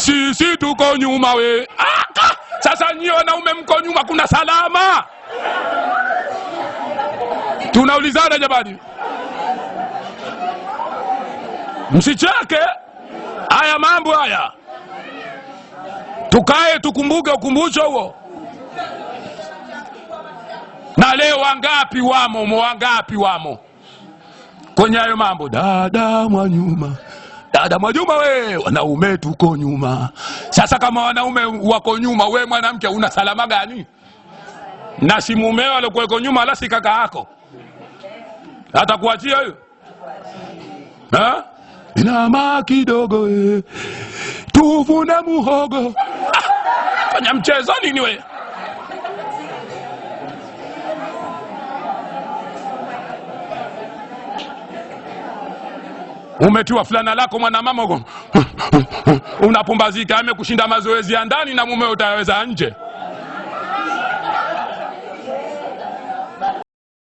sisi tuko nyuma we. Aka! Sasa nyie wanaume mko nyuma, kuna salama? Tunaulizana jamani, msicheke haya mambo haya, tukae tukumbuke ukumbusho huo. Na leo wangapi wamo, wangapi wamo kwenye hayo mambo? Dada mwa nyuma Dada Mwajuma, we wanaume tuko nyuma. Sasa kama wanaume wako nyuma, we mwanamke una salama gani? Na si mumeo alikuweko nyuma, ala si kaka yako atakuachia hiyo ha? Inama kidogo e, tuvune muhogo. Ah, fanya mchezo nini wewe? umetiwa fulana lako mwanamama, unapumbazika, amekushinda mazoezi ya ndani na mume utaweza nje.